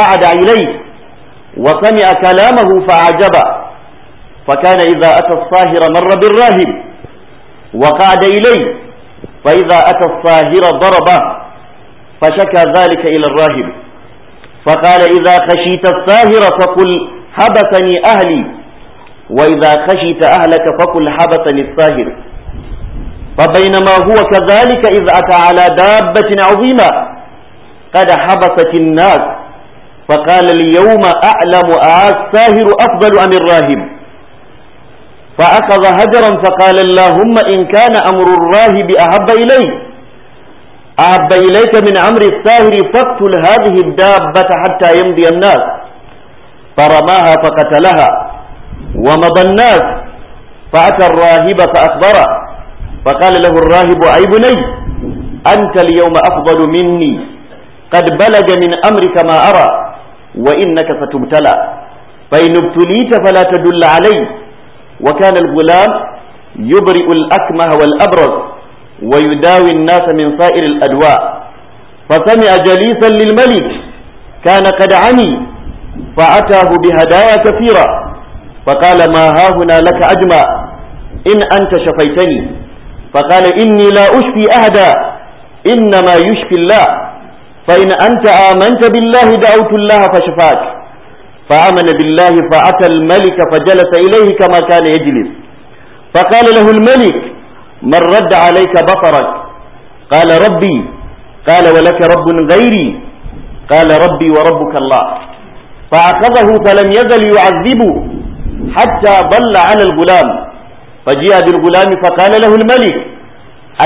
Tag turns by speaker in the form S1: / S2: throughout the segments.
S1: قعد إليه وسمع كلامه فعجبه فكان إذا أتى الصاهر مر بالراهب وقعد إليه فإذا أتى الصاهر ضربه فشكى ذلك إلى الراهب فقال إذا خشيت الصاهر فقل حبسني أهلي وإذا خشيت أهلك فقل حبسني الصاهر فبينما هو كذلك إذ أتى على دابة عظيمة قد حبست الناس فقال اليوم أعلم الساهر أفضل أم الراهب فأخذ هجرا فقال اللهم إن كان أمر الراهب أحب إلي أحب إليك من أمر الساهر فاقتل هذه الدابة حتى يمضي الناس فرماها فقتلها ومضى الناس فأتى الراهب فأخبره فقال له الراهب أي بني أنت اليوم أفضل مني قد بلغ من أمرك ما أرى وإنك ستبتلى فإن ابتليت فلا تدل علي وكان الغلام يبرئ الأكمه والأبرز ويداوي الناس من سائر الأدواء فسمع جليسا للملك كان قد عني فأتاه بهدايا كثيرة فقال ما هاهنا لك أجمع إن أنت شفيتني فقال إني لا أشفي أهدا إنما يشفي الله فإن أنت آمنت بالله دعوت الله فشفاك فآمن بالله فأتى الملك فجلس إليه كما كان يجلس فقال له الملك من رد عليك بصرك قال ربي قال ولك رب غيري قال ربي وربك الله فأخذه فلم يزل يعذبه حتى ضل على الغلام فجاء بالغلام فقال له الملك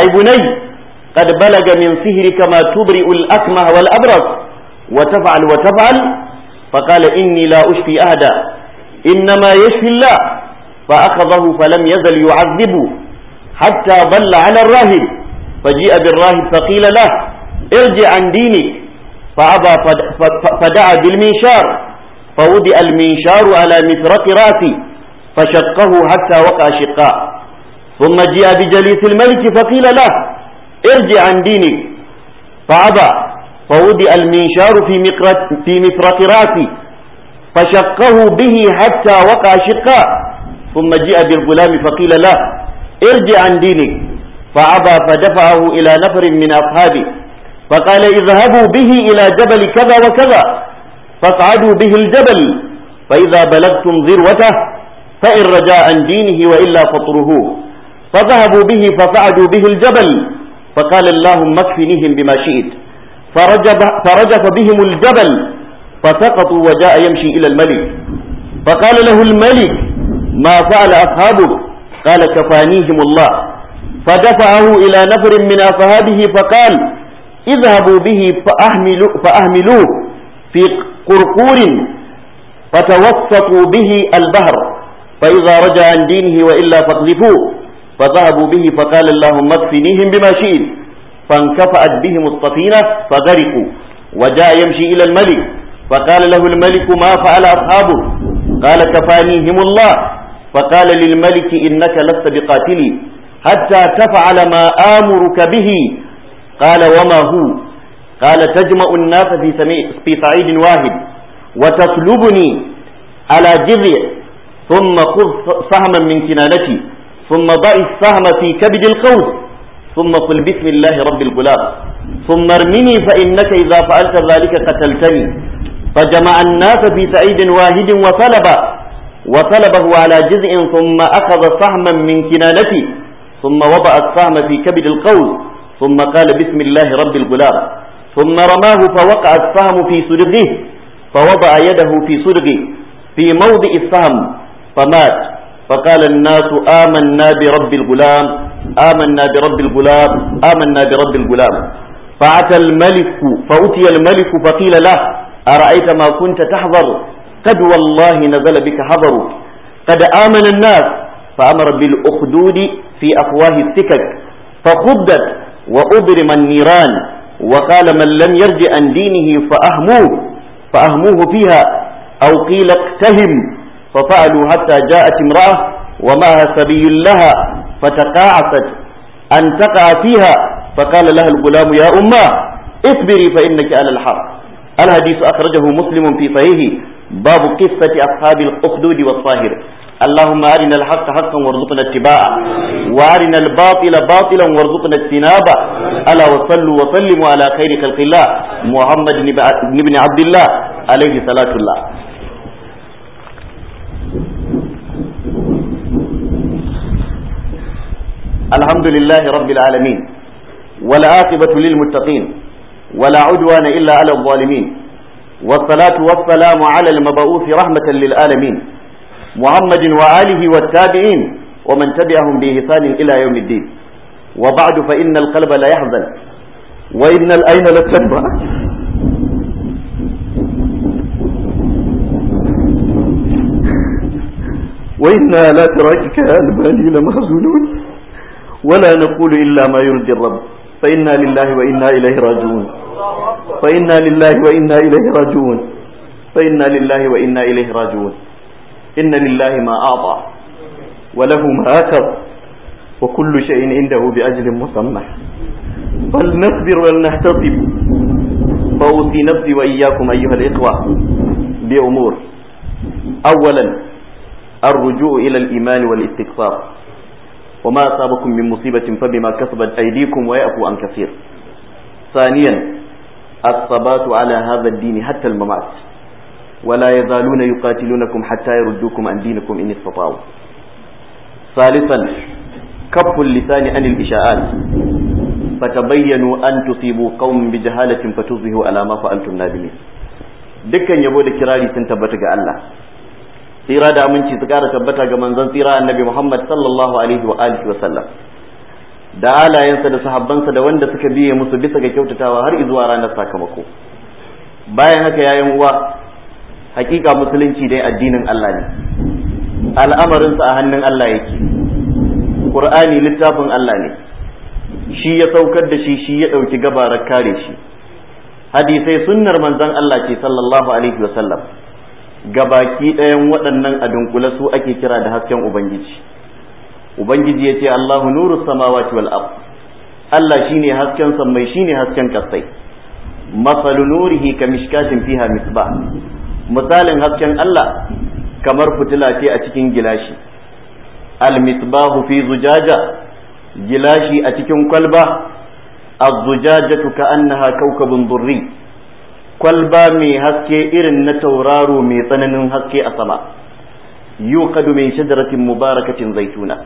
S1: أي بني قد بلغ من سهر ما تبرئ الأكمه والأبرص وتفعل وتفعل فقال إني لا أشفي أهدا إنما يشفي الله فأخذه فلم يزل يعذبه حتى ضل على الراهب فجيء بالراهب فقيل له ارجع عن دينك فأبى فدعا بالمنشار فوضع المنشار على مفرق راسي فشقه حتى وقع شقاء ثم جاء بجليس الملك فقيل له ارجع عن دينك فأبى فوضع المنشار في مفرق في مفرق راسي فشقه به حتى وقع شقا ثم جاء بالغلام فقيل له ارجع عن دينك فأبى فدفعه إلى نفر من أصحابه فقال اذهبوا به إلى جبل كذا وكذا فاصعدوا به الجبل فإذا بلغتم ذروته فإن رجاء عن دينه وإلا فطره فذهبوا به فصعدوا به الجبل فقال اللهم اكفنيهم بما شئت فرجف, فرجف بهم الجبل فسقطوا وجاء يمشي إلى الملك فقال له الملك ما فعل أصحابك قال كفانيهم الله فدفعه إلى نفر من أصحابه فقال اذهبوا به فأهملو فأهملوه في قرقور فتوسطوا به البهر فإذا رجع عن دينه وإلا فاقذفوه فذهبوا به فقال اللهم اكفنيهم بما شئت فانكفأت بهم السفينة فغرقوا وجاء يمشي إلى الملك فقال له الملك ما فعل أصحابه قال كفانيهم الله فقال للملك إنك لست بقاتلي حتى تفعل ما آمرك به قال وما هو قال تجمع الناس في, في صعيد واحد وتطلبني على جذع ثم خذ سهما من كنانتي ثم ضع السهم في كبد القوس ثم قل بسم الله رب الغلاب ثم ارمني فإنك إذا فعلت ذلك قتلتني فجمع الناس في سعيد واحد وطلب وطلبه على جزء ثم أخذ سهما من كنانتي ثم وضع السهم في كبد القوس ثم قال بسم الله رب الغلاب ثم رماه فوقع السهم في صدغه فوضع يده في صدغه في موضع السهم فمات فقال الناس آمنا برب الغلام آمنا برب الغلام آمنا برب الغلام فأتى الملك فأتي الملك فقيل له أرأيت ما كنت تحضر قد والله نزل بك حضر قد آمن الناس فأمر بالأخدود في أفواه السكك فخدت وأبرم النيران وقال من لم يرجع عن دينه فأهموه فأهموه فيها أو قيل اقتهم ففعلوا حتى جاءت امرأة ومعها سبي لها فتقاعست أن تقع فيها فقال لها الغلام يا أمه اصبري فإنك على الحق الحديث أخرجه مسلم في صحيحه باب قصة أصحاب الأخدود والطاهر اللهم أرنا الحق حقا وارزقنا اتباعه وأرنا الباطل باطلا وارزقنا اجتنابه ألا وصلوا وسلموا على خير خلق الله محمد بن عبد الله عليه صلاة الله الحمد لله رب العالمين والعاقبة للمتقين ولا عدوان إلا على الظالمين والصلاة والسلام على المبعوث رحمة للعالمين محمد وآله والتابعين ومن تبعهم بإحسان إلى يوم الدين وبعد فإن القلب لا يحزن وإن الأين لتكبر
S2: وإنا لا ترك
S1: كالبالين مخزونون ولا نقول إلا ما يرضي الرب فإنا لله وإنا إليه راجعون فإنا لله وإنا إليه راجعون فإنا لله وإنا إليه راجعون إن لله ما أعطى وله ما أكر وكل شيء عنده بأجل مسمى بل نصبر ولنحتسب فأوصي نفسي وإياكم أيها الإخوة بأمور أولا الرجوع إلى الإيمان والاستكثار وما أصابكم من مصيبة فبما كسبت أيديكم ويأفو عن كثير ثانيا الثبات على هذا الدين حتى الممات ولا يزالون يقاتلونكم حتى يردوكم عن دينكم إن استطاعوا ثالثا كف اللسان عن الإشاءات فتبينوا أن تصيبوا قوم بجهالة فتصبحوا على ما فعلتم نادمين dukkan yabo da kirari sun tabbata ga Allah tsira da aminci su kara tabbata ga manzon tsira annabi Muhammad sallallahu alaihi wa alihi wa sallam da alayensa da sahabbansa da wanda suka biye musu bisa ga kyautatawa har zuwa ranar sakamako bayan haka yayin uwa hakika musulunci dai addinin Allah ne Al'amarin sa a hannun Allah yake Qur'ani littafin Allah ne shi ya saukar da shi shi ya ɗauki gabarar kare shi hadisai sunnar manzon Allah ce sallallahu alaihi wa sallam Ga baki ɗayan waɗannan a dunkule su ake kira da hasken ubangiji ubangiji ya ce allahu nuru samawati wal ard allah shine hasken sammai shine hasken kasai masalu nurihi ka mishkatin fiha misba misalin hasken allah kamar fitila ce a cikin gilashi al misbahu fi zujaja gilashi a cikin kwalba az-zujajatu ka ka'annaha kawkabun durri kwalba mai haske irin na tauraro mai tsananin haske a sama kadu min shajaratin mubarakatin zaituna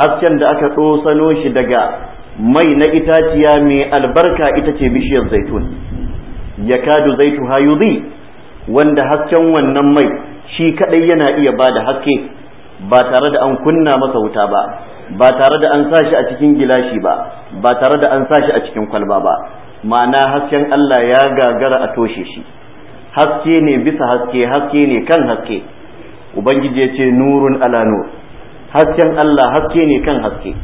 S1: hasken da aka tsosano shi daga mai na itaciya mai albarka ita ce bishiyar zaitun ya yakadu zaitu hayuzi, wanda hasken wannan mai shi kadai yana iya bada haske ba tare da an kunna masa wuta ba ba tare da an sashi a cikin gilashi ba ba tare da an sashi a cikin kwalba ba ma'ana hasken Allah ya gagara a toshe shi haske ne bisa haske haske ne kan haske ubangiji ya ce nurun ala hasken Allah haske ne kan haske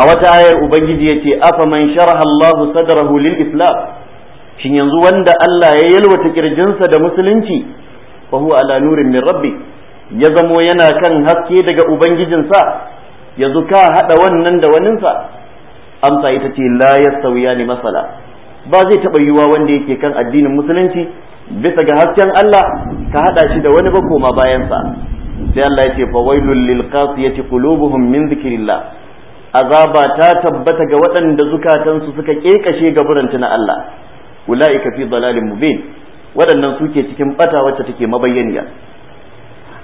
S1: a wata ayar ubangiji yace, ce afa man sharaha Allah sadrahu lil islam shin yanzu wanda Allah ya yalwata kirjinsa da musulunci fa huwa ala nurin min rabbi ya zamo yana kan haske daga ubangijinsa yanzu ka hada wannan da waninsa amsa ita ce la yastawiya ne masala ba zai taɓa yiwuwa wanda yake kan addinin musulunci bisa ga hasken Allah ka haɗa shi da wani ba koma bayansa sai Allah ya ce fa wailul lil qasiyati qulubuhum min dhikrillah azaba ta tabbata ga waɗanda zukatansu suka kekashe ga na Allah ulaika fi dalalin mubin waɗannan suke cikin bata wacce take mabayyaniya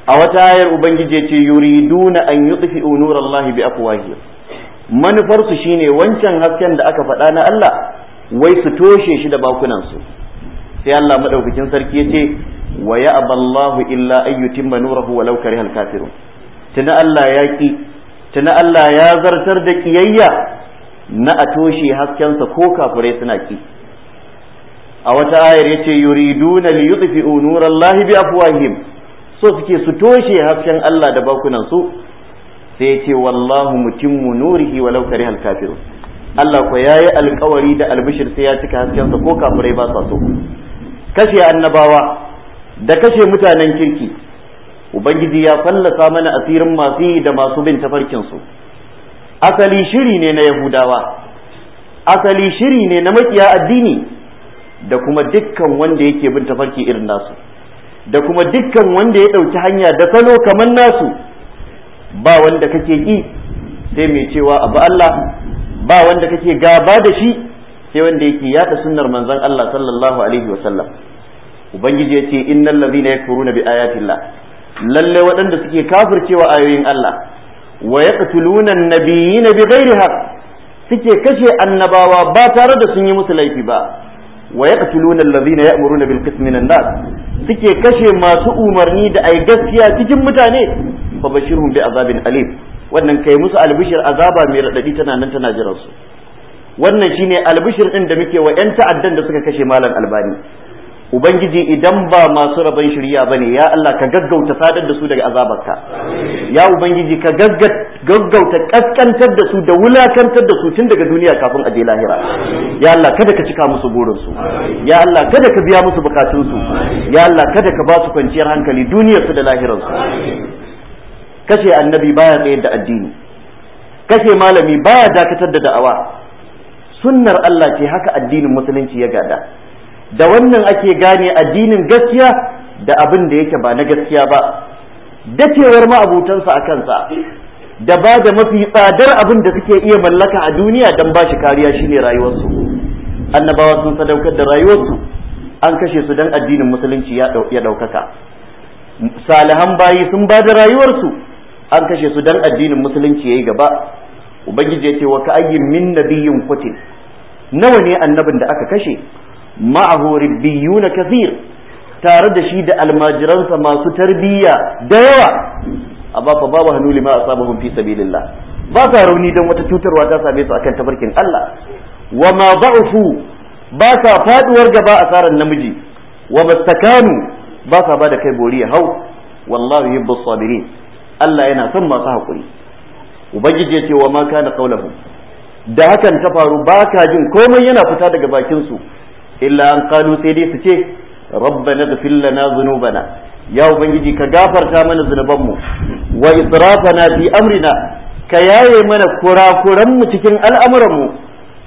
S1: a wata ayar ubangiji ce yuriduna an yudfi'u unurallahi bi afwahihim manufarsu shine wancan hasken da aka faɗa na Allah wai su toshe shi da bakunansu sai Allah madaukakin sarki yace wa ya ballahu illa ayyutim yutimma nurahu walau karihal kafirun tuna Allah ya ki tuna Allah ya zartar da kiyayya na a toshe haskensa ko kafirai suna ki a wata ayar yace yuriduna li yudfi'u nurallahi bi afwahihim so suke su toshe hasken Allah da bakunansu sai ce wallahu mutimmu nurihi walau karihal kafirun Allah ko yayi alkawari da albishir sai ya cika sa ko kafirai ba sa so kashe annabawa da kashe mutanen kirki ubangiji ya fallasa mana asirin masu yi da masu bin tafarkin su asali shiri ne na yahudawa asali shiri ne na makiya addini da kuma dukkan wanda yake bin tafarki irin nasu da kuma dukkan wanda ya ɗauki hanya da salo kamar nasu ba wanda kake ƙi sai mai cewa abu Allah ba wanda kake gaba da shi sai wanda yake yada sunnar manzon Allah sallallahu alaihi wa sallam ubangiji ya ce innal ladhina yakfuruna bi ayatillah lalle waɗanda suke kafircewa ayoyin Allah wa yaqtuluna an-nabiyina bighairi haqq suke kashe annabawa ba tare da sun yi musu laifi ba wa yaqtuluna alladhina ya'muruna bil qismi nas suke kashe masu umarni da ai gaskiya cikin mutane fa bashirhum bi azabin alim wannan kai musu albishir azaba mai radadi tana nan tana jiran su wannan shine albishir din da muke wa yan ta'addan da suka kashe malam albani ubangiji idan ba masu rabon shirya bane ya Allah ka gaggauta sadar da su daga azabarka ya ubangiji ka gaggauta kaskantar da su da wulakantar da su tun daga duniya kafin aje lahira ya Allah kada ka cika musu burinsu. su ya Allah kada ka biya musu bukatun su ya Allah kada ka ba su kwanciyar hankali duniyarsu da lahirar kashe annabi baya tsayar da addini kashe malami baya dakatar da da'awa sunnar Allah ce haka addinin musulunci ya gada da wannan ake gane addinin gaskiya da abin da yake ba na gaskiya ba dacewar ma'abutansa a kansa da ba da mafi tsadar abin da suke iya mallaka a duniya don ba shi kariya shine rayuwarsu annabawa sun sadaukar da rayuwarsu an kashe su don addinin musulunci ya ɗaukaka salihan bayi sun ba da rayuwarsu an kashe su dan addinin musulunci yayi gaba ubangiji yace wa ka'ayyin min nabiyyin qutil nawa ne annabin da aka kashe ma'ahu na kathir tare da shi da almajiransa masu tarbiyya da yawa amma fa babu hanu lima asabahum fi sabilillah ba sa rauni dan wata cutarwa ta same su akan tafarkin Allah wa ma da'ufu ba sa faduwar gaba asaran namiji wa bastakanu ba sa ba da kai bori ya hau wallahu yubbu sabirin Allah yana son masu haƙuri ubangiji ya ce wa ma kana qaulahum da hakan ta faru ba ka jin komai yana fita daga bakin su illa an qalu sai dai su ce rabbana ighfir lana dhunubana ya ubangiji ka gafarta mana mu wa israfana fi amrina ka yaye mana kurakuran mu cikin al'amuran mu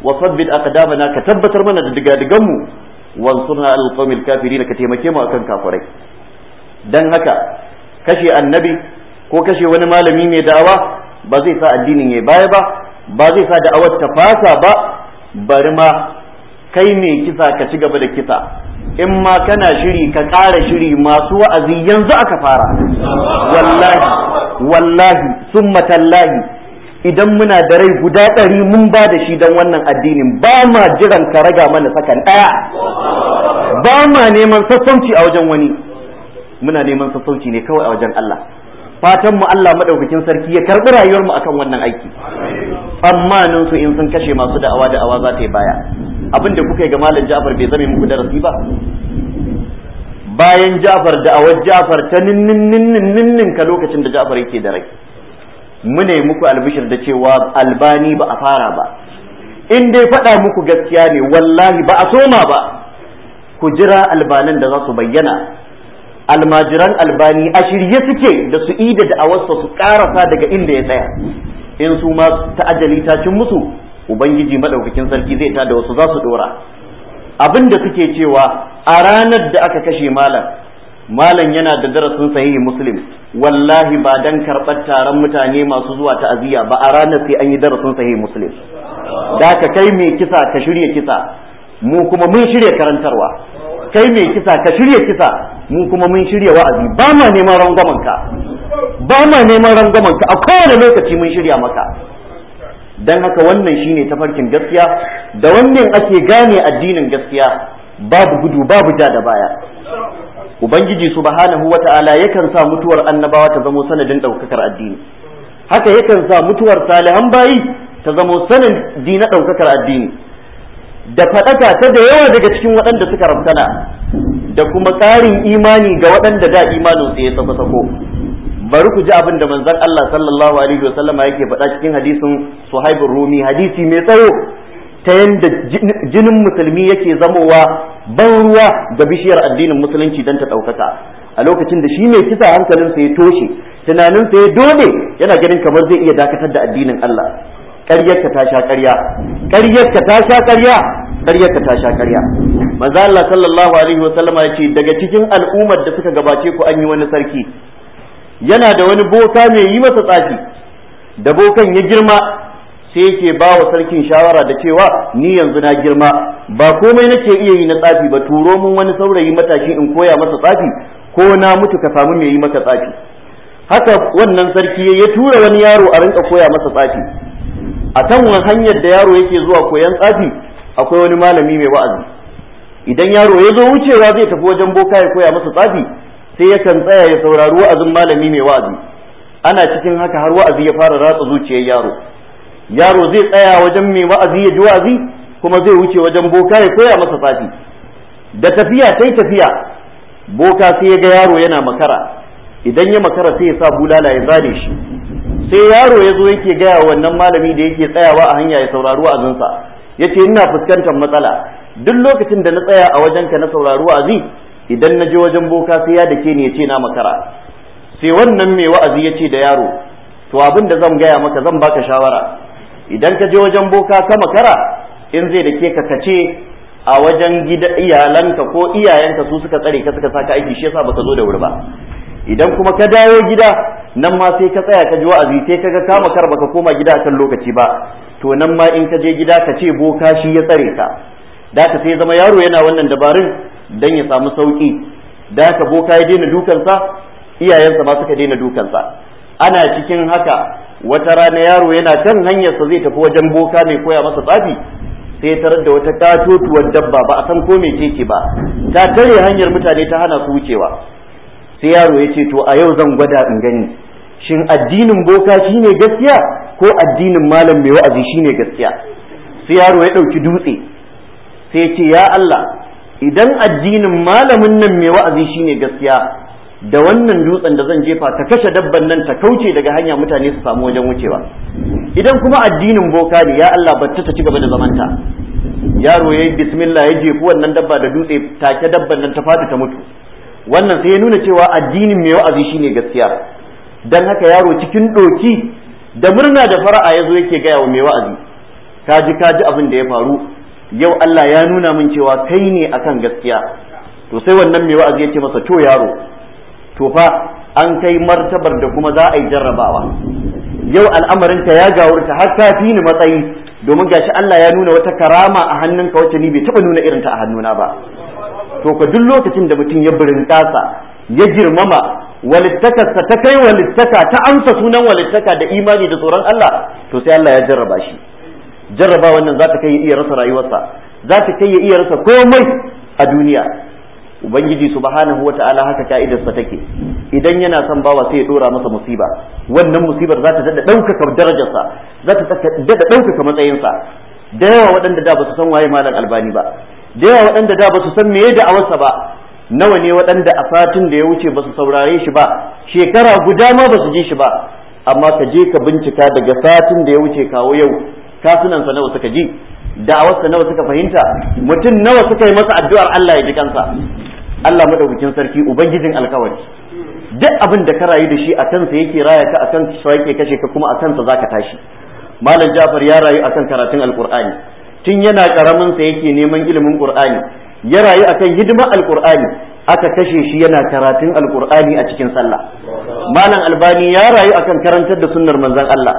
S1: wa sabbit aqdamana ka tabbatar mana da digadigan mu wansurna alqawmil kafirin ka taimake mu akan kafirai dan haka kashe annabi ko kashe wani malami mai da'awa ba zai sa addinin ya baya ba ba zai sa da'awar ta fasa ba bari ma kai mai kisa ka ci gaba da kisa in ma kana shiri ka ƙara shiri masu wa'azi yanzu aka fara wallahi wallahi summa tallahi idan muna da rai guda ɗari mun ba da shi don wannan addinin ba ma jiran ka raga mana sakan ɗaya ba ma neman sassauci a wajen wani muna neman sassauci ne kawai a wajen Allah fatan mu Allah madaukakin sarki ya karɓi rayuwar mu akan wannan aiki nan su in sun kashe masu da'awa da'awa za ta yi baya abin da kuka yi ga malam Ja'far bai zame muku darasi ba bayan Ja'far da'awar Ja'far ta ninnin ninnin ka lokacin da Ja'far yake da rai mune muku albishir da cewa albani ba a fara ba in dai faɗa muku gaskiya ne wallahi ba a soma ba ku jira albanan da za su bayyana almajiran albani a shirye suke da su ida da awarsa su karasa daga inda ya tsaya in su ma ta'ajali ta cin musu ubangiji madaukakin sarki zai ta da wasu za su dora abin da suke cewa a ranar da aka kashe malam malam yana da darasin sahihi muslim wallahi ba dan karɓar taron mutane masu zuwa ta'aziyya ba a ranar sai an yi darasin sahihi muslim da ka kai mai kisa ka shirya kisa mu kuma mun shirya karantarwa kai mai kisa ka shirya kisa mu kuma mun shirya wa'azi ba ma neman rangwamen ka ba ma neman rangwamen ka a kowane lokaci mun shirya maka Don haka wannan shi shine tafarkin gaskiya da wannan ake gane addinin gaskiya babu gudu babu ja da baya ubangiji subhanahu ta'ala yakan sa mutuwar annabawa ta zamo sanadin ɗaukakar addini haka yakan sa mutuwar salihan bayi ta zamo sanadi na ɗaukakar addini da faɗaka ta da yawa daga cikin waɗanda suka rafsana da kuma ƙarin imani ga waɗanda da imanin su ya sako-sako bari ku ji abin da manzon Allah sallallahu alaihi wa sallama yake faɗa cikin hadisin Suhaib Rumi hadisi mai tsayo ta yanda jinin musulmi yake zamowa ban ruwa ga bishiyar addinin musulunci dan ta ɗaukaka a lokacin da shi mai kisa hankalinsa ya toshe tunanin tunaninsa ya dole yana ganin kamar zai iya dakatar da addinin Allah ka ta sha ƙarya ka ta sha ƙarya ƙaryar ka ta sha ƙarya manzo Allah sallallahu alaihi wa sallama ya ce daga cikin al'ummar da suka gabace ku an yi wani sarki yana da wani boka mai yi masa tsafi da bokan ya girma sai yake ba wa sarkin shawara da cewa ni yanzu na girma ba komai nake iya yi na tsafi ba turo mun wani saurayi matashi in koya masa tsafi ko na mutu ka samu mai yi maka tsafi haka wannan sarki ya tura wani yaro a rinka koya masa tsafi a kan hanyar da yaro yake zuwa koyan tsafi akwai wani malami mai wa'azi idan yaro ya zo wucewa zai tafi wajen boka ya koya masa tsafi sai yakan tsaya ya saurari wa'azin malami mai wa'azi ana cikin haka har wa'azi ya fara ratsa zuciyar yaro yaro zai tsaya wajen mai wa'azi ya ji wa'azi kuma zai wuce wajen boka ya koya masa tsafi da tafiya sai tafiya boka sai ya ga yaro yana makara idan ya makara sai ya sa bulala ya zare shi sai yaro ya zo yake gaya wannan malami da yake tsayawa a hanya ya saurari wa'azinsa yace ina fuskantar matsala duk lokacin da na tsaya a wajenka na saurari wa'azi idan na je wajen boka sai ya dake ni yace na makara sai wannan mai wa'azi yace da yaro to abin da zan gaya maka zan baka shawara idan ka je wajen boka ka makara in zai dake ka kace a wajen gida iyalanka ko iyayenka su suka tsare ka suka saka aiki shi yasa baka zo da wuri ba idan kuma ka dawo gida nan ma sai ka tsaya ka ji wa'azi sai ka kaga ka makar baka koma gida akan lokaci ba to nan ma in ka je gida ka ce boka shi ya tsare ka da ka sai zama yaro yana wannan dabarun dan ya samu sauki da ka boka ya daina dukansa iyayensa ma suka daina dukansa ana cikin haka wata rana yaro yana kan hanyarsa zai tafi wajen boka mai koya masa tsafi sai tarar da wata katotuwar dabba ba a san ko mai ce ba ta tare hanyar mutane ta hana su wucewa sai yaro ya ce to a yau zan gwada in gani shin addinin boka shine gaskiya ko addinin malam mai wa'azi shine gaskiya sai yaro ya ɗauki dutse sai ya ce ya Allah idan addinin malamin nan mai wa'azi shine gaskiya da wannan dutsen da zan jefa ta kashe dabban nan ta kauce daga hanya mutane su samu wajen wucewa idan kuma addinin boka ne ya Allah batta ta ci gaba da zamanta yaro ya yi bismillah ya jefi wannan dabba da dutse take dabban nan ta fadi ta mutu wannan sai ya nuna cewa addinin mai wa'azi shine gaskiya dan haka yaro cikin doki da murna da fara'a ya zo yake gaya wa mai wa'azi kaji kaji abin da ya faru yau Allah ya nuna min cewa kai ne akan gaskiya to sai wannan mai wa'azi yake masa to yaro to fa an kai martabar da kuma za a yi jarrabawa yau al'amarinka ya gawurta har ka fi ni matsayi domin gashi Allah ya nuna wata karama a hannunka wacce ni bai taba nuna irinta a hannuna ba to ka duk lokacin da mutum ya burin ya girmama walittakarsa ta kai walittaka ta amsa sunan walittaka da imani da tsoron Allah to sai Allah ya jarraba shi jarraba wannan za ta kai ya iya rasa rayuwarsa za ta kai ya iya rasa komai a duniya ubangiji subhanahu wata'ala haka ka'idarsa take idan yana son bawa sai ya dora masa musiba wannan musibar za ta dada darajarsa za ta dada ɗaukaka matsayinsa da yawa waɗanda da ba su san waye malam albani ba da yawa waɗanda da ba su san meye da awarsa ba nawa ne waɗanda a satin da ya wuce ba su saurare shi ba shekara guda ma ba su ji shi ba amma ka je ka bincika daga satin da ya wuce kawo yau kasunansa nawa suka ji da'awarsa nawa suka fahimta mutum nawa suka yi masa addu'ar Allah ya ji kansa Allah madaukakin sarki ubangijin alkawari duk abin da ka rayu da shi a kansa yake raya ka kansa sa yake kashe ka kuma a kansa zaka tashi malam Jafar ya rayu akan karatun alqur'ani tun yana karamin sa yake neman ilimin qur'ani ya rayu a kan hidima Alƙur'ani, aka kashe shi yana karatun Alƙur'ani a cikin sallah malam albani ya rayu a kan karantar da sunnar Manzan Allah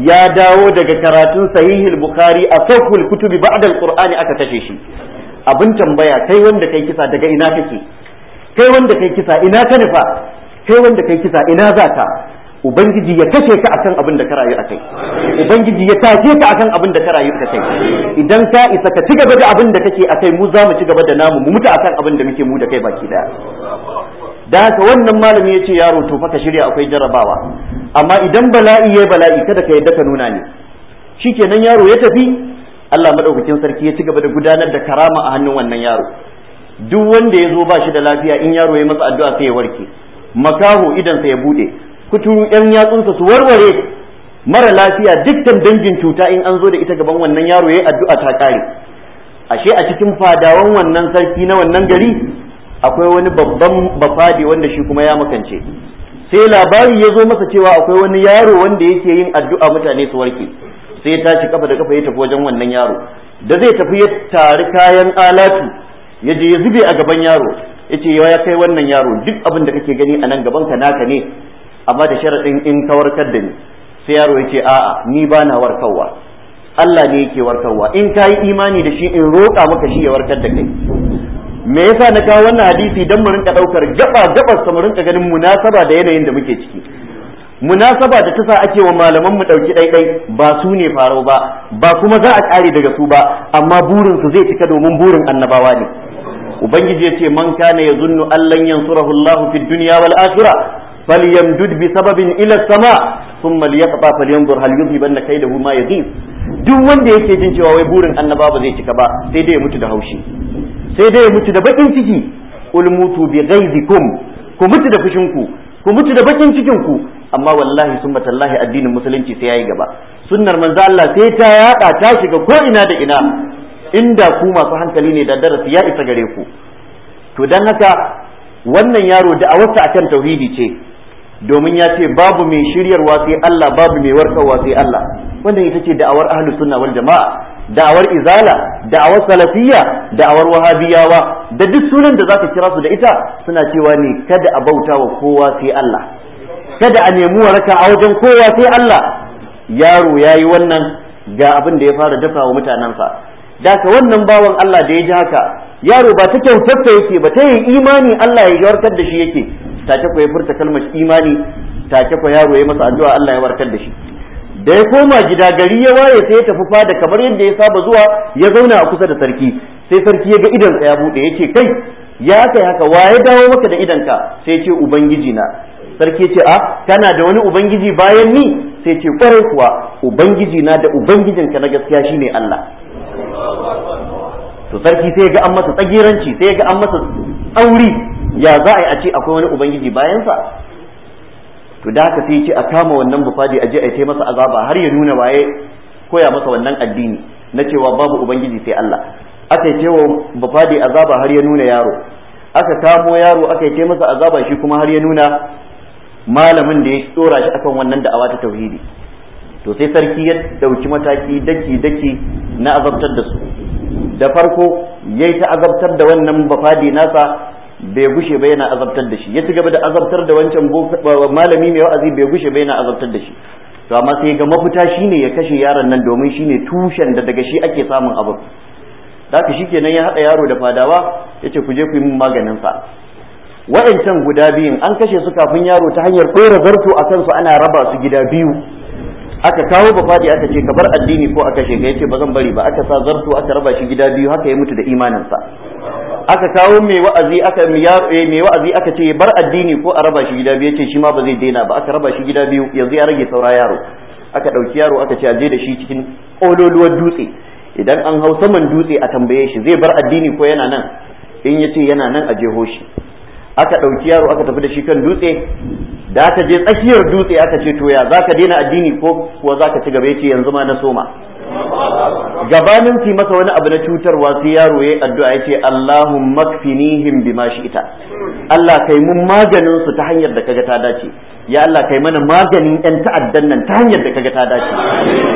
S1: ya dawo daga karatun sahihul bukhari a sahihul kutubi ba'da Alƙur'ani aka kashe shi abin tambaya kai wanda kai kisa daga ina kake kai wanda kai kisa ina ka nufa kai wanda kai kisa ina za ka ubangiji ya kashe ka akan abin da ka rayu akai ubangiji ya tashe ka akan abin da ka rayu kai. idan ka isa ka ci gaba da abin da kake akai mu za mu ci gaba da namu mu mutu akan abin da muke mu da kai baki daya da haka wannan malami ya ce yaro to fa ka shirya akwai jarabawa amma idan bala'i ya bala'i kada ka yadda ka nuna ne shikenan yaro ya tafi Allah madaukakin sarki ya ci gaba da gudanar da karama a hannun wannan yaro duk wanda ya zo ba shi da lafiya in yaro ya masa addu'a sai ya warke makaho idan sa ya bude kuturu yan yatsunsa su warware mara lafiya dukkan dangin cuta in an zo da ita gaban wannan yaro yayi addu'a ta kare ashe a cikin fadawan wannan sarki na wannan gari akwai wani babban bafadi wanda shi kuma ya makance sai labari ya zo masa cewa akwai wani yaro wanda yake yin addu'a mutane su warke sai ya tashi kafa da kafa ya tafi wajen wannan yaro da zai tafi ya tari kayan alatu ya je ya zube a gaban yaro ya ce ya kai wannan yaro duk abin da kake gani a nan gaban ka naka ne amma da sharaɗin in ka warkar da ni sai yaro ya ce a'a ni ba na warkarwa Allah ne yake warkarwa in ka yi imani da shi in roƙa maka shi ya warkar da kai me yasa na kawo wannan hadisi dan mu rinka daukar gaba gabar sa mu rinka ganin munasaba da yanayin da muke ciki munasaba da tasa ake wa malaman mu dauki daidai ba su ne faro ba ba kuma za a kare daga su ba amma burin su zai cika domin burin annabawa ne ubangiji ya ce man kana yazunnu allan yansurahu allah fi dunya wal akhirah فليمدد bi sababin السماء sama ليقطع فلينظر هل hal yuzhibanna kaydahu ma duk wanda yake jin cewa wai burin annaba ba zai cika ba sai dai ya mutu da haushi sai dai ya mutu da bakin ciki ul mutu bi ghaizikum ku mutu da fushinku ku mutu da bakin cikin ku amma wallahi summa tallahi addinin musulunci sai yayi gaba sunnar manzo Allah sai ta yada ta shiga ko ina da ina inda ku masu hankali ne da darasi ya isa gare ku to dan haka wannan yaro da a wata akan tauhidi ce domin ya ce babu mai shiryarwa sai Allah babu mai warkarwa sai Allah wannan ita ce da'awar ahlus sunna wal jama'a da'awar izala da'awar salafiyya da'awar wahabiyawa da duk sunan da zaka kira su da ita suna cewa ne kada a bauta wa kowa sai Allah kada a nemi waraka a wajen kowa sai Allah yaro yayi wannan ga abin da ya fara dafa wa mutanensa daka wannan bawan Allah da ya ji haka yaro ba ta kyautar yake ba ta yin imani Allah ya warkar da shi yake take ko ya furta kalmar imani take ko yaro ya masa addu'a Allah ya warkar da shi da ya koma gida gari ya waye sai ya tafi fada kamar yadda ya saba zuwa ya zauna a kusa da sarki sai sarki ya ga idan ya bude ya ce kai ya kai haka wa dawo maka da idanka sai ya ce ubangiji na sarki ya ce a ah, kana da wani ubangiji bayan ni sai ce kwarai kuwa ubangiji na da ubangijinka na gaskiya shine Allah to sarki sai ya ga an masa tsagiranci sai ya ga an masa tsauri ya za a yi a ce akwai wani ubangiji bayansa to da haka sai ce a kama wannan bufadi a je a yi masa azaba har ya nuna waye koya masa wannan addini na cewa babu ubangiji sai Allah aka yi wa bufadi azaba har ya nuna yaro aka kamo yaro aka yi masa azaba shi kuma har ya nuna malamin da ya tsora shi akan wannan da'awa ta tauhidi to sai sarki ya dauki mataki daki daki na azabtar da su da farko yayi ta azabtar da wannan bafadi nasa bai gushe ba yana azabtar da shi ya ci gaba da azabtar da wancan malami mai wa'azi bai gushe ba yana azabtar da shi to amma sai ga mafita shine ya kashe yaron nan domin shine tushen da daga shi ake samun abu da ka shikenan ya haɗa yaro da fadawa yace ku je ku yi min maganin sa wa'ancan guda biyun an kashe su kafin yaro ta hanyar ɗora zarto a kansu ana raba su gida biyu aka kawo ba faɗi aka ce ka bar addini ko aka shiga yace ba zan bari ba aka sa zarto aka raba shi gida biyu haka ya mutu da imanin sa aka kawo mai wa'azi aka eh, mai wa'azi aka ce bar addini ko a raba shi gida biyu ce shi ma ba zai daina ba aka raba shi gida biyu yanzu ya rage saura yaro aka ɗauki yaro aka ce a je da shi cikin ƙololuwar dutse idan an hau saman dutse a tambaye shi zai bar addini ko yana nan in ya ce yana nan a jeho shi aka ɗauki yaro aka tafi da shi kan dutse da aka je tsakiyar dutse aka ce to ya za ka daina addini ko kuwa za ka ci gaba yace yanzu ma na soma gabanin su masa wani abu na cutarwa sai yaro yayi addu'a yace Allahumma kfinihim bima shi'ta Allah kai mun maganin su ta hanyar da kaga ta dace ya Allah kai mana maganin yan ta'addan nan ta hanyar da kaga ta dace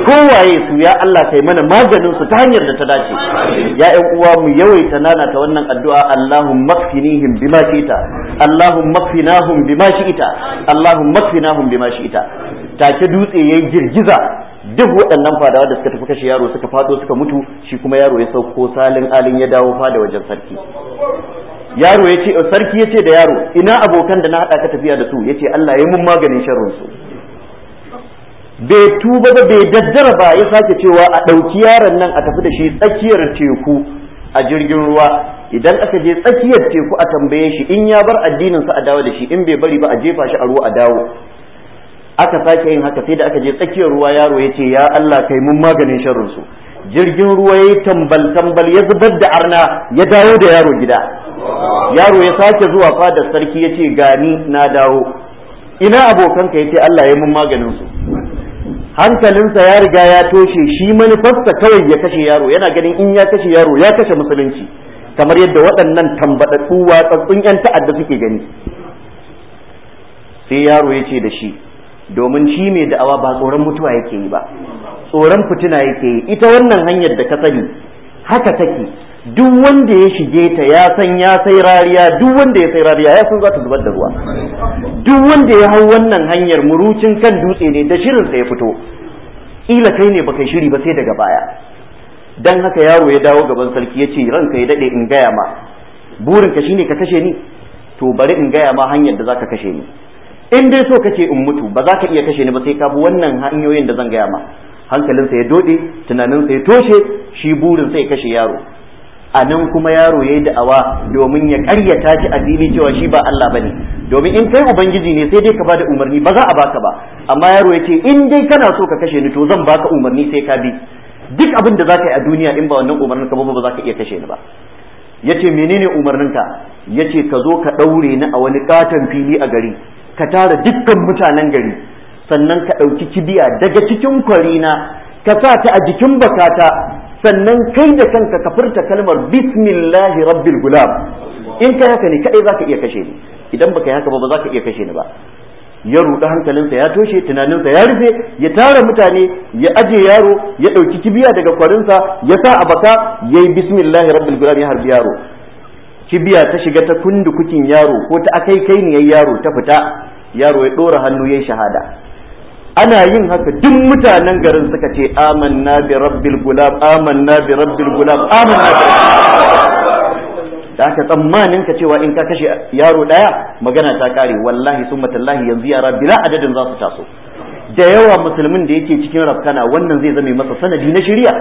S1: kowaye su ya Allah kai mana maganin su ta hanyar da ta dace ya ƴan uwa mu yawaita nana ta wannan addu'a Allahumma kfinihim bima shi'ta Allahumma kfinahum bima shi'ta Allahumma kfinahum bima shi'ta take dutse yayin girgiza duk waɗannan fadawa da suka tafi kashe yaro suka fado suka mutu shi kuma yaro ya sauko salin alin ya dawo fada wajen sarki yaro ya ce sarki ya ce da yaro ina abokan da na haɗa ka tafiya da su ya ce Allah ya mun maganin sharrin su bai tuba ba bai daddara ba ya sake cewa a ɗauki yaron nan a tafi da shi tsakiyar teku a jirgin ruwa idan aka je tsakiyar teku a tambaye shi in ya bar addinin sa a dawo da shi in bai bari ba a jefa shi a ruwa a dawo aka sake yin haka sai da aka je tsakiyar ruwa yaro ya ce ya Allah kai mun maganin sharrin su jirgin ruwa ya tambal tambal ya zubar da arna ya dawo da yaro gida yaro ya sake zuwa fadar sarki ya ce gani na dawo ina abokanka ya ce Allah ya mun maganin su hankalinsa ya riga ya toshe shi manufarsa kawai ya kashe yaro yana ganin in ya kashe yaro ya kashe musulunci kamar yadda waɗannan tambaɗaɗɗu tsatsun 'yan ta'adda suke gani sai yaro ya ce da shi domin shi mai da'awa ba tsoron mutuwa yake yi ba tsoron fitina yake yi ita wannan hanyar da ka sani haka take duk wanda ya shige ta ya san ya sai rariya duk wanda ya sai rariya ya san za ta zubar da ruwa duk wanda ya hau wannan hanyar murucin kan dutse ne da shirin sa ya fito kila kai ne baka shiri ba sai daga baya dan haka yaro ya dawo gaban sarki ya ce ranka ya dade in gaya ma burinka shine ka kashe ni to bari in gaya ma hanyar da zaka kashe ni in dai so kace in mutu ba za ka iya kashe ni ba sai ka bi wannan hanyoyin da zan gaya ma hankalinsa ya dode tunaninsa ya toshe shi burin ya kashe yaro a nan kuma yaro ya yi da'awa domin ya karyata shi addini cewa shi ba Allah ba ne domin in kai ubangiji ne sai dai ka bada umarni ba za a baka ba amma yaro ya ce in dai kana so ka kashe ni to zan baka umarni sai ka bi duk abin da za ka yi a duniya in ba wannan umarnin ka ba ba za ka iya kashe ni ba ya ce menene umarninka ya ce ka zo ka ɗaure ni a wani katon fili a gari ka tara dukkan mutanen gari sannan ka ɗauki kibiya daga cikin kwarina ka sa ta a jikin bakata sannan kai da kanka ka furta kalmar bismillahi rabbil gulab in ka haka ne kadai ka iya kashe ni idan baka yi haka ba ba ka iya kashe ni ba ya ruɗa hankalinsa ya toshe tunaninsa ya rufe ya tara mutane ya aje yaro ya ɗauki kibiya daga kwarinsa ya sa a baka ya yi bismillahi rabbil gulab ya harbi yaro kibiya ta shiga ta kundukukin yaro ko ta akai kai ne yaro ta fita yaro ya ɗora hannu ya shahada ana yin haka duk mutanen garin suka ce amanna bi rabbil gulab amanna bi rabbil gulab amanna bi da aka tsammanin ka cewa in ka kashe yaro daya magana ta kare wallahi summa tallahi yanzu yara bila adadin za su taso da yawa musulmin da yake cikin rafkana wannan zai zame masa sanadi na shari'a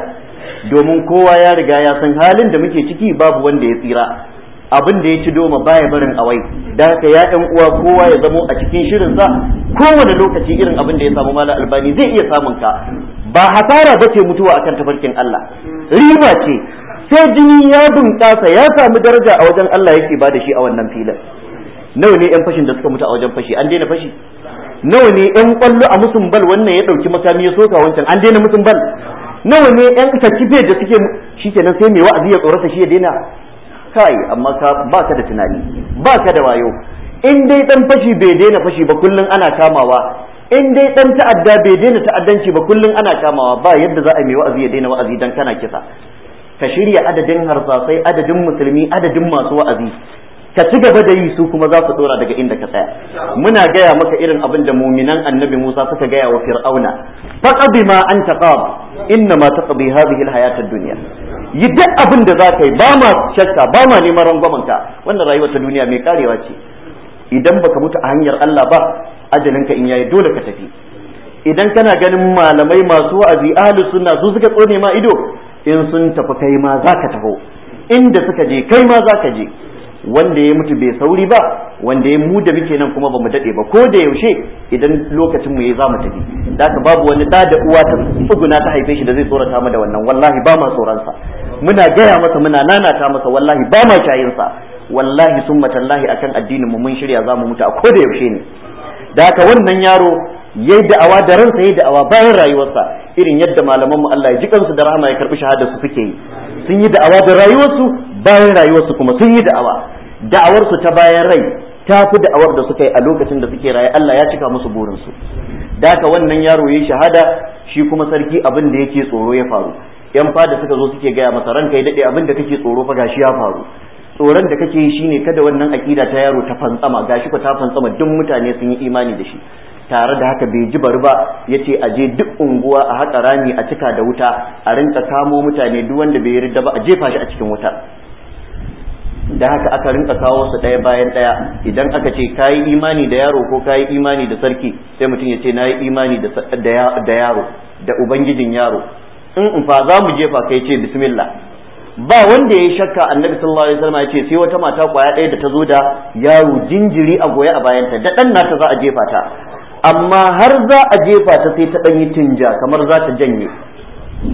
S1: domin kowa ya riga ya san halin da muke ciki babu wanda ya tsira abin da ya ci doma baya barin awai da haka ya ɗan uwa kowa ya zamo a cikin shirin sa kowane lokaci irin abin da ya samu mala albani zai iya samun ka ba hasara ba ce mutuwa akan tafarkin Allah riba ce sai jini ya bunƙasa ya samu daraja a wajen Allah yake ba da shi a wannan filin nawa ne yan fashin da suka mutu a wajen fashi an daina fashi nawa ne yan kwallo a musun bal wannan ya ɗauki makami ya soka wancan an daina musun bal nawa ne yan takife da suke shikenan sai mai wa'azi ya tsorata shi ya daina kai amma ba ka da tunani ba ka da wayo in dai dan fashi bai daina fashi ba kullum ana kamawa in dai dan ta'adda bai daina ta'addanci ba kullum ana kamawa ba yadda za a mai wa'azi ya daina wa'azi dan kana kisa ka shirya adadin harsasai adadin musulmi adadin masu wa'azi ka ci gaba da yi su kuma za su dora daga inda ka tsaya muna gaya maka irin abin da muminan annabi Musa suka gaya wa fir'auna faqad ma anta qab inna ma taqdi hadhihi alhayat ad-dunya yi duk abin da za ka yi ba ma shakka ba ma neman rangwamanka wannan rayuwar ta duniya mai karewa ce idan baka mutu a hanyar Allah ba ajalinka in yayi dole ka tafi idan kana ganin malamai masu wa'azi ahlus sunna su suka tsone ma ido in sun tafi kai ma za ka taho inda suka je kai ma za ka je wanda ya mutu bai sauri ba wanda ya mu da muke nan kuma bamu dade ba ko da yaushe idan lokacin mu yayi zamu tafi da babu wani da da uwa ta tsuguna ta haife shi da zai tsorata mu da wannan wallahi ba ma tsoron sa muna gaya masa muna nanata masa wallahi ba ma shayin sa wallahi sun matallahi akan addinin mu mun shirya zamu mutu a da yaushe ne da haka wannan yaro yayi da'awa da ransa yayi da'awa bayan rayuwarsa irin yadda malaman mu Allah ya ji kansu da rahama ya karbi shahada su suke yi sun yi da'awa da rayuwarsu bayan rayuwarsu kuma sun yi da'awa da'awarsu ta bayan rai ta fi da'awar da suka yi a lokacin da suke raye Allah ya cika musu burinsu da haka wannan yaro ya shahada shi kuma sarki abin da yake tsoro ya faru yan fada suka zo suke gaya masa ranka ya dade abin da kake tsoro fa gashi ya faru tsoron da kake yi shine kada wannan akida ta yaro ta fantsama gashi ko ta fantsama duk mutane sun yi imani da shi tare da haka bai ji bari ba ya ce a je duk unguwa a haƙa rami a cika da wuta a rinka kamo mutane duk wanda bai yarda ba a jefa shi a cikin wuta da haka aka rinka kawo su ɗaya bayan ɗaya idan aka ce ka yi imani da yaro ko ka yi imani da sarki sai mutum ya ce na yi imani da yaro da ubangijin yaro in fa za mu jefa kai ce bismillah ba wanda ya shakka annabi sallallahu alaihi wasallam ya ce sai wata mata kwaya ɗaya da ta zo da yaro jinjiri a goye a bayanta da ɗan nata za a jefa ta amma har za a jefa ta sai ta ɗan yi tinja kamar za ta janye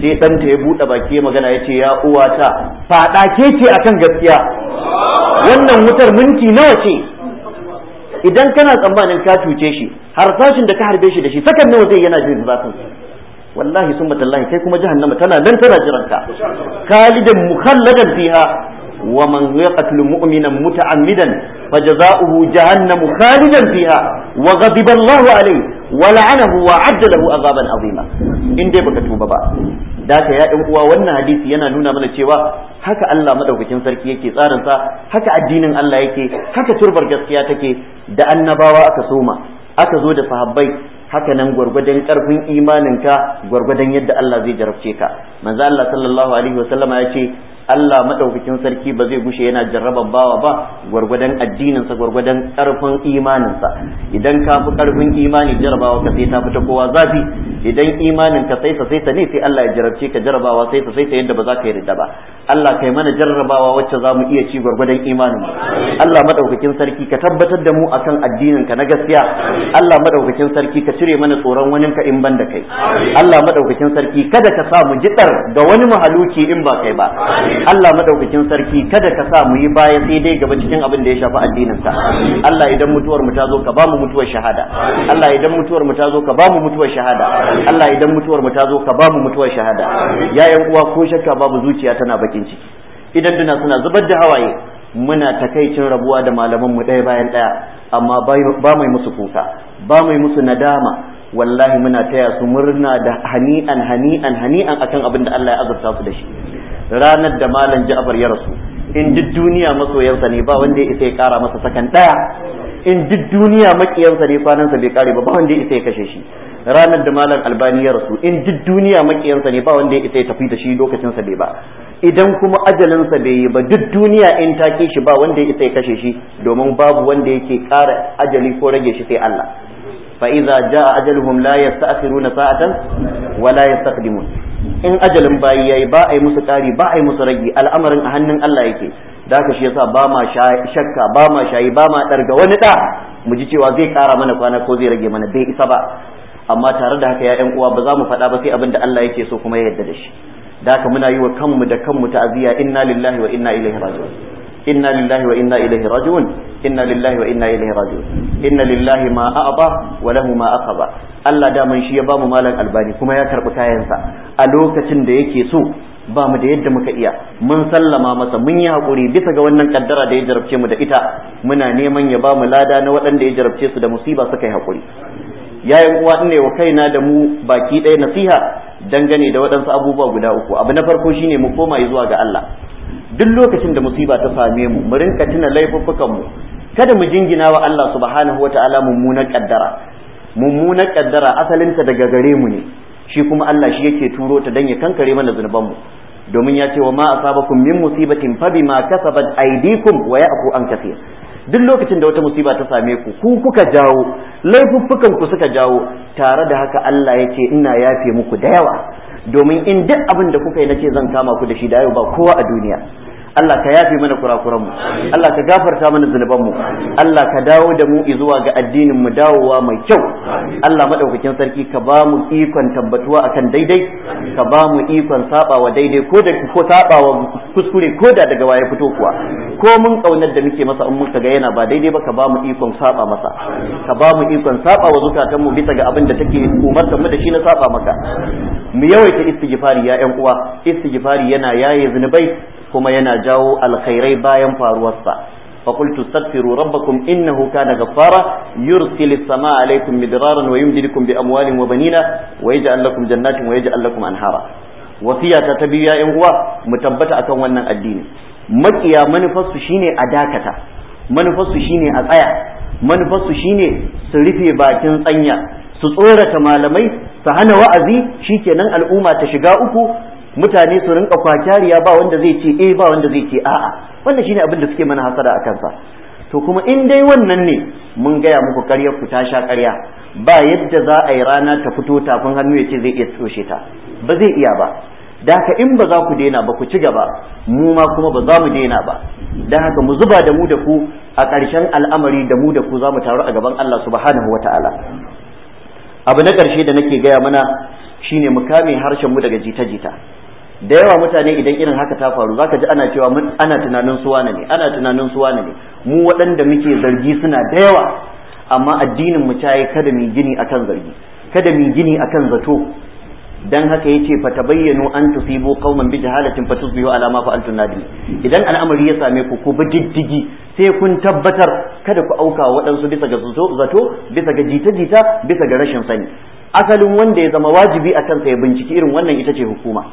S1: sai ɗanta ya buɗe baki magana ya ce ya uwata faɗa ke ce akan gaskiya wannan wutar minti nawa ce idan kana tsammanin ka cuce shi har sashin da ka harbe shi da shi sakan nawa zai yana jin zafin wallahi sun matallahi kai kuma jahannama tana nan tana jiranta khalidan mukhalladan fiha wa man yaqtul mu'minan muta'ammidan فجزاؤه fiha خالدا فيها وغضب الله عليه ولعنه وعد له عذابا عظيما in dai baka tuba ba da ka ya uwa wannan hadisi yana nuna mana cewa haka Allah madaukakin sarki yake tsarin sa haka addinin Allah yake haka turbar gaskiya take da annabawa aka soma aka zo da sahabbai haka nan gwargwadon karfin imaninka gwargwadon yadda Allah zai jarabce ka manzo Allah sallallahu alaihi wasallama ya ce Allah madaukakin sarki ba zai gushe yana jarraban bawa ba gwargwadon addininsa gwargwadon karfin imaninsa idan ka fi karfin imani jarrabawa ka sai ta fita kowa zafi idan imanin ka sai sai ta ne sai Allah ya jarabce ka jarrabawa sai ta sai ta yadda ba za ka yarda ba Allah kai mana jarrabawa wacce za mu iya ci gwargwadon imanin mu Allah madaukakin sarki ka tabbatar da mu akan addinin ka na gaskiya Allah madaukakin sarki ka cire mana tsoron wani ka in ban da kai Allah madaukakin sarki kada ka sa mu jiɗar da wani mahaluki in ba kai ba Allah madaukakin sarki kada ka sa mu yi baya sai dai gaba cikin abin da ya shafi addinin ka Allah idan mutuwar mu ta zo ka ba mu mutuwar shahada Allah idan mutuwar mu ta zo ka bamu mu mutuwar shahada Allah idan mutuwar mu ta zo ka ba mutuwar shahada ya yan uwa ko shakka babu zuciya tana bakin ciki idan duna suna zubar da hawaye muna takaicin rabuwa da malaman mu ɗaya bayan ɗaya amma ba mai musu kuka ba mai musu nadama wallahi muna taya su murna da hani'an hani'an hani'an akan abin da Allah ya azurta su da shi ranar da malam ja'far ya rasu in duk duniya masoyansa ne ba wanda ya isa ya kara masa sakan daya in duk duniya makiyarsa ne kwanansa bai kare ba ba wanda ya isa ya kashe shi ranar da malam albani ya rasu in duk duniya makiyarsa ne ba wanda ya isa ya tafi da shi lokacin sa bai ba idan kuma ajalinsa bai yi ba duk duniya in ta shi ba wanda ya isa ya kashe shi domin babu wanda yake kara ajali ko rage shi sai Allah fa iza jaa ajaluhum la yasta'khiruna sa'atan wa la yastaqdimun in ajalin bai yayi ba yi musu kari ba yi musu ragi al'amarin a hannun Allah yake daka shi yasa ba ma shakka ba ma shayi ba ma darga wani da mu ji cewa zai kara mana kwana ko zai rage mana bai isa ba amma tare da haka yayan ɗan uwa ba za mu faɗa ba sai abin da Allah yake so kuma ya yarda da shi daka muna yi wa kanmu da kanmu ta'aziya inna lillahi wa inna ilaihi raji'un inna lillahi wa inna ilaihi raji'un inna lillahi wa inna ilaihi raji'un inna lillahi ma a'ba wa lahu ma Allah da man shi ya bamu malam albani kuma ya karɓi kayansa a lokacin da yake so ba mu da yadda muka iya mun sallama masa mun yi hakuri bisa ga wannan kaddara da ya jarabce mu da ita muna neman ya bamu lada na waɗanda ya jarabce su da musiba suka yi hakuri yayin uwa ne wa kaina da mu baki ɗaya nasiha dangane da waɗansu abubuwa guda uku abu na farko shine mu koma zuwa ga Allah duk lokacin da musiba ta same mu mu rinka tuna laifuffukan mu kada mu jingina wa Allah subhanahu wataala mummunar kaddara mummunar kaddara asalinta daga gare mu ne shi kuma Allah shi yake turo ta dan ya kankare mana zunuban mu domin ya ce wa ma asabakum min musibatin fa bima kasabat aydikum wa ya'fu an kaseer duk lokacin da wata musiba ta same ku ku kuka jawo laifuffukan ku suka jawo tare da haka Allah ya ce ina yafe muku da yawa domin in duk abin da kuka yi nace zan kama ku da shi da yau ba kowa a duniya Allah ka yafe mana mu Allah ka gafarta mana mu Allah ka dawo da mu zuwa ga addinin mu dawowa mai kyau Allah madaukakin sarki ka ba mu ikon tabbatuwa akan daidai ka ba mu ikon sabawa daidai ko da ko sabawa kuskure ko da daga waye fito kuwa ko mun kaunar da muke masa in muka ga yana ba daidai ba ka ba mu ikon saba masa ka ba mu ikon sabawa zukatan mu bisa ga abin da take umarta mu da shi na saba maka mu yawaita istighfari ya yan uwa istighfari yana yaye zunubai kuma yana jawo alkhairai bayan faruwarsa فقلت استغفروا ربكم انه كان غفارا يرسل السماء عليكم مدرارا ويمددكم باموال وبنين ويجعل لكم جنات ويجعل لكم ta biyu ya يا ان Mu tabbata akan wannan addini makiya manufarsu shine a dakata manufarsu shine a tsaya manufarsu shine su rufe bakin tsanya su tsorata malamai su hana wa'azi shi shikenan al'umma ta shiga uku mutane su rinka kwakyariya ba wanda zai ce eh ba wanda zai ce a'a wannan shine abin da suke mana hasara a kansa to kuma in dai wannan ne mun gaya muku ƙaryar ku ta sha ƙarya ba yadda za a yi rana ta fito tafin hannu ya ce zai iya tsoshe ta ba zai iya ba da haka in ba za ku daina ba ku ci gaba mu ma kuma ba za mu daina ba da haka mu zuba da mu da ku a ƙarshen al'amari da mu da ku za mu taru a gaban Allah subhanahu ta'ala abu na ƙarshe da nake gaya mana shine mu kame harshen mu daga jita-jita da yawa mutane idan irin haka ta faru zaka ji ana cewa ana tunanin su ne ana tunanin su ne mu waɗanda muke zargi suna da yawa amma addinin mu tayi kada mu gini akan zargi kada mu gini akan zato dan haka yace fa tabayyanu an tusibu qauman bi jahalatin tusbihu ala ma fa'altu nadimi idan al'amari ya same ku ku bididdigi sai kun tabbatar kada ku auka waɗansu bisa ga zato bisa ga jita-jita bisa ga rashin sani asalin wanda ya zama wajibi a sa ya binciki irin wannan ita ce hukuma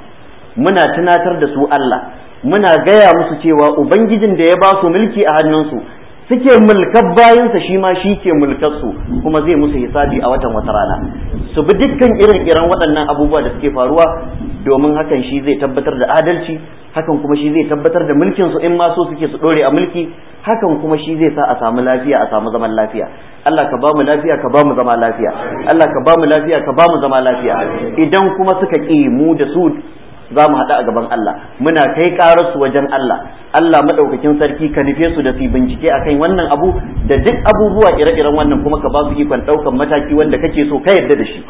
S1: muna tunatar da su Allah muna gaya musu cewa ubangijin da ya ba su mulki a hannunsu suke mulkar bayansa shi ma shi ke mulkarsu kuma zai musu hisabi a watan wata rana su bi dukkan irin iran waɗannan abubuwa da suke faruwa domin hakan shi zai tabbatar da adalci hakan kuma shi zai tabbatar da mulkin su in ma so suke su ɗore a mulki hakan kuma shi zai sa a samu lafiya a samu zaman lafiya Allah ka bamu lafiya ka bamu zama lafiya Allah ka bamu lafiya ka bamu zama lafiya idan kuma suka ƙi mu da su za mu haɗu a gaban Allah muna kai ƙararsu wajen Allah Allah maɗaukakin sarki ka nufe su da su bincike akan wannan abu da duk abubuwa ire-iren wannan kuma ka ba su ikon ɗaukan mataki wanda kake so ka yarda da shi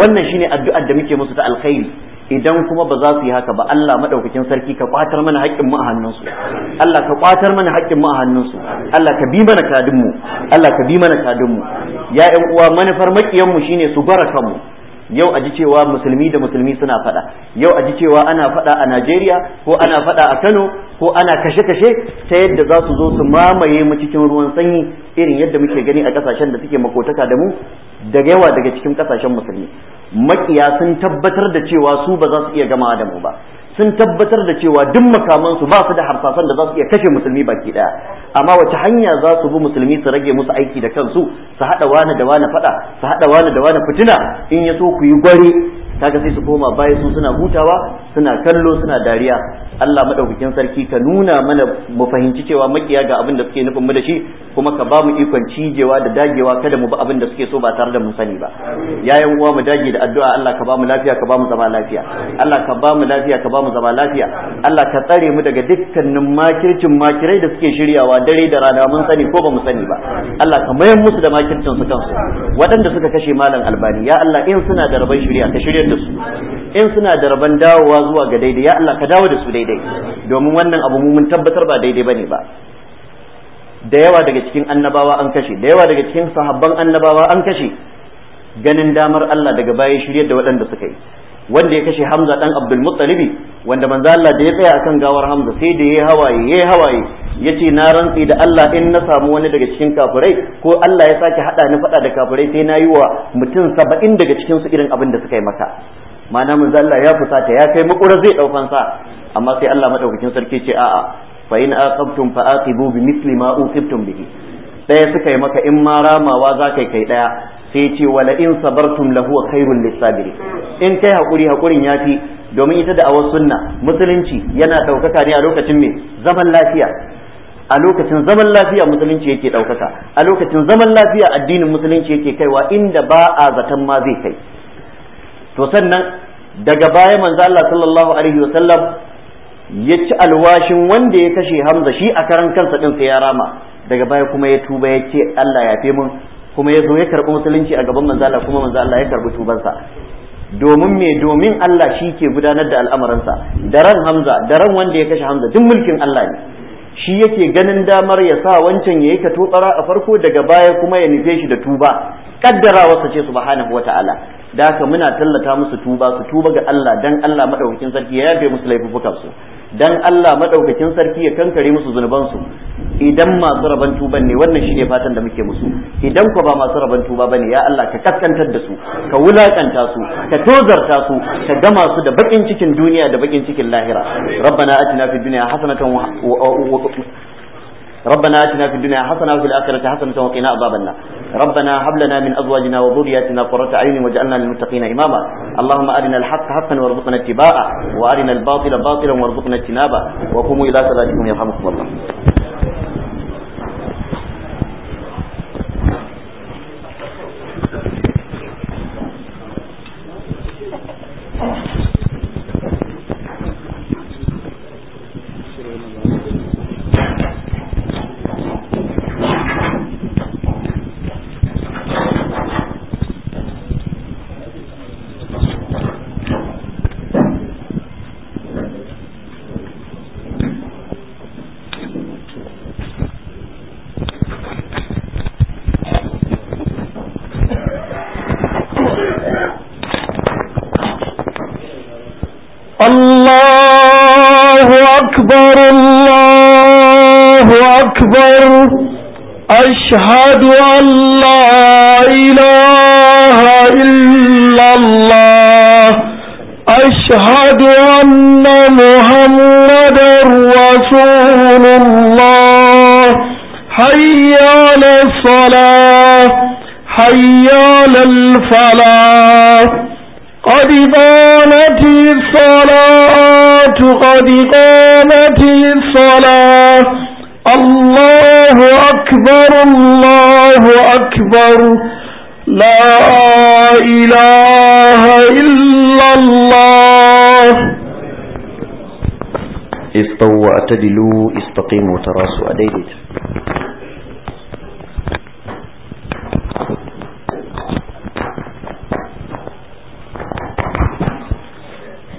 S1: wannan shine addu'ar da muke musu ta alkhairi idan kuma ba za su yi haka ba Allah madaukakin sarki ka kwatar mana haƙƙin mu a hannunsu Allah ka kwatar mana haƙƙin mu a hannunsu Allah ka bi mana kadinmu. Allah ka bi mana kadinmu. Ya'yan ya ƴan uwa manufar makiyan mu shine su gwara kanmu yau a ji cewa musulmi da musulmi suna faɗa yau a ji cewa ana faɗa a Najeriya ko ana faɗa a Kano ko ana kashe-kashe ta yadda za su zo su mamaye mu cikin ruwan sanyi irin yadda muke gani a ƙasashen da suke makotaka da mu daga yawa daga cikin ƙasashen musulmi makiya sun tabbatar da cewa su ba za su iya gama da mu ba sun tabbatar da cewa duk makamansu ba su da harsasan da za su iya kashe musulmi baki daya amma wace hanya za su bi musulmi su rage musu aiki da kansu su hada wani da wani fada su hada wani da wani fitina in ya so ku yi gwari kaga sai su koma baya su suna hutawa suna kallo suna dariya Allah madaukakin sarki ka nuna mana mu fahimci cewa makiya ga abin da suke nufin mu da shi kuma ka ba mu ikon cijewa da dagewa kada mu bi abin da suke so ba tare da mun sani ba yayin uwa mu dage da addu'a Allah ka ba mu lafiya ka ba mu zama lafiya Allah ka ba mu lafiya ka ba mu zama lafiya Allah ka tsare mu daga dukkanin makircin makirai da suke shiryawa dare da rana mun sani ko ba mu sani ba Allah ka mayar musu da makircin su kansu waɗanda suka kashe malam albani ya Allah in suna da rabon shirya ka shiryar da su in suna da rabon dawowa zuwa ga daidai ya Allah ka dawo da su daidai domin wannan abu mu mun tabbatar ba daidai bane ba da yawa daga cikin annabawa an kashe da yawa daga cikin sahabban annabawa an kashe ganin damar Allah daga baya shiryar da waɗanda suka yi wanda ya kashe Hamza dan Abdul Muttalib wanda manzo Allah da ya tsaya akan gawar Hamza sai da yayi hawaye yayi hawaye yace na rantsi da Allah in na samu wani daga cikin kafirai ko Allah ya sake hada ni fada da kafirai sai na yi wa mutum 70 daga cikin su irin abin da suka yi masa ma'ana manzo Allah ya fusata ya kai makura zai daukan sa amma sai Allah madaukakin sarki ce a'a fa in aqabtum fa aqibu bi misli ma uqibtum bihi daya suka yi maka in ma ramawa za kai kai daya sai ce wala in sabartum lahu khairul lisabiri in kai hakuri hakurin yafi domin ita da awar sunna musulunci yana daukaka ne a lokacin me zaman lafiya a lokacin zaman lafiya musulunci yake daukaka a lokacin zaman lafiya addinin musulunci yake kaiwa inda ba a zaton ma zai kai to sannan daga baya manzo Allah sallallahu alaihi wasallam ya ci alwashin wanda ya kashe Hamza shi a karan kansa din sai ya rama daga baya kuma ya tuba ya ce Allah ya mun kuma ya zo ya karɓi musulunci a gaban manzo Allah kuma manzo Allah ya karɓi tubansa domin me domin Allah shi ke gudanar da al'amuransa daren Hamza daren wanda ya kashe Hamza duk mulkin Allah ne shi yake ganin damar ya sa wancan yayi ka tutsara a farko daga baya kuma ya nufe shi da tuba wasa ce subhanahu wata'ala da haka muna tallata musu tuba su tuba ga Allah dan Allah madaukakin sarki ya yafe musu laifukan su dan Allah madaukakin sarki ya kankare musu zunubansu idan masu raban tuba ne wannan shine fatan da muke musu idan ko ba masu raban tuba bane ya Allah ka kaskantar da su ka wulakanta su ka tozarta su ka gama su da bakin cikin duniya da bakin cikin lahira rabbana atina fid dunya hasanatan wa ربنا آتنا في الدنيا حسنة وفي الآخرة حسنة وقنا عذاب النار ربنا هب لنا من أزواجنا وذرياتنا قرة أعين واجعلنا للمتقين إماما اللهم أرنا الحق حقا وارزقنا اتباعه وأرنا الباطل باطلا وارزقنا اجتنابه وقوموا إلى صلاتكم يرحمكم الله
S3: أكبر الله أكبر أشهد أن لا إله إلا الله أشهد أن محمدا رسول الله حي على الصلاة حي على الفلاح قد بانت الصلاة قد قامت الصلاة الله أكبر الله أكبر لا إله
S1: إلا الله استووا اعتدلوا استقيموا تراسوا أديدت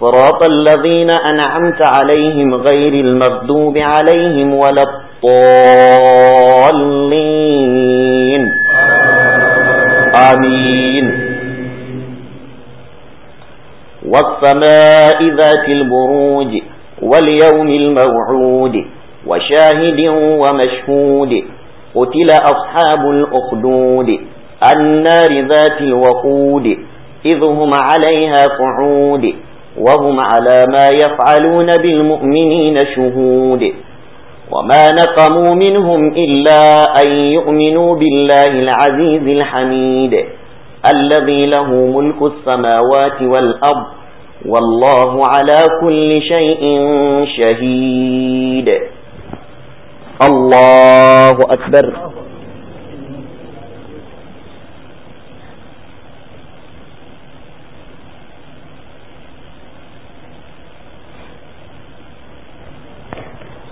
S1: صراط الذين أنعمت عليهم غير المغضوب عليهم ولا الضالين آمين والسماء ذات البروج واليوم الموعود وشاهد ومشهود قتل أصحاب الأخدود النار ذات الوقود إذ هم عليها قعود وهم على ما يفعلون بالمؤمنين شهود وما نقموا منهم إلا أن يؤمنوا بالله العزيز الحميد الذي له ملك السماوات والأرض والله على كل شيء شهيد الله أكبر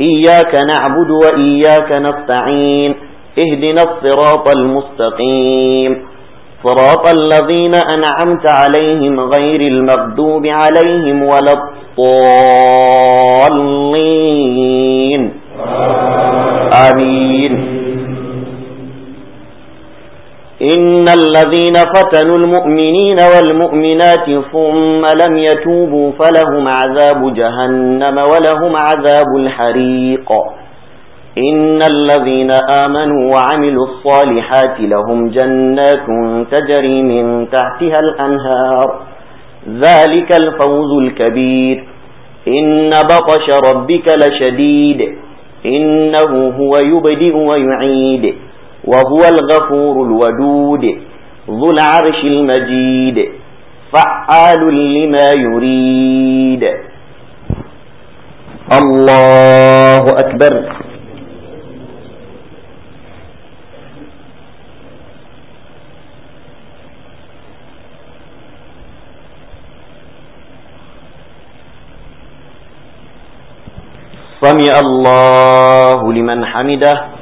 S1: إياك نعبد وإياك نستعين اهدنا الصراط المستقيم صراط الذين أنعمت عليهم غير المغدوب عليهم ولا الضالين آمين إن الذين فتنوا المؤمنين والمؤمنات ثم لم يتوبوا فلهم عذاب جهنم ولهم عذاب الحريق إن الذين آمنوا وعملوا الصالحات لهم جنات تجري من تحتها الأنهار ذلك الفوز الكبير إن بطش ربك لشديد إنه هو يبدئ ويعيد وهو الغفور الودود ذو العرش المجيد فعال لما يريد الله أكبر سمع الله لمن حمده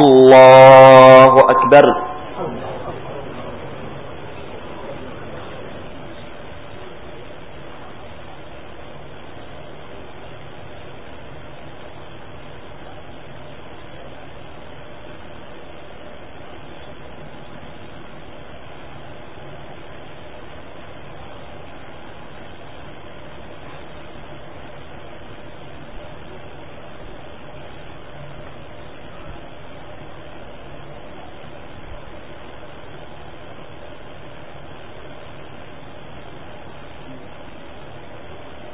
S2: الله أكبر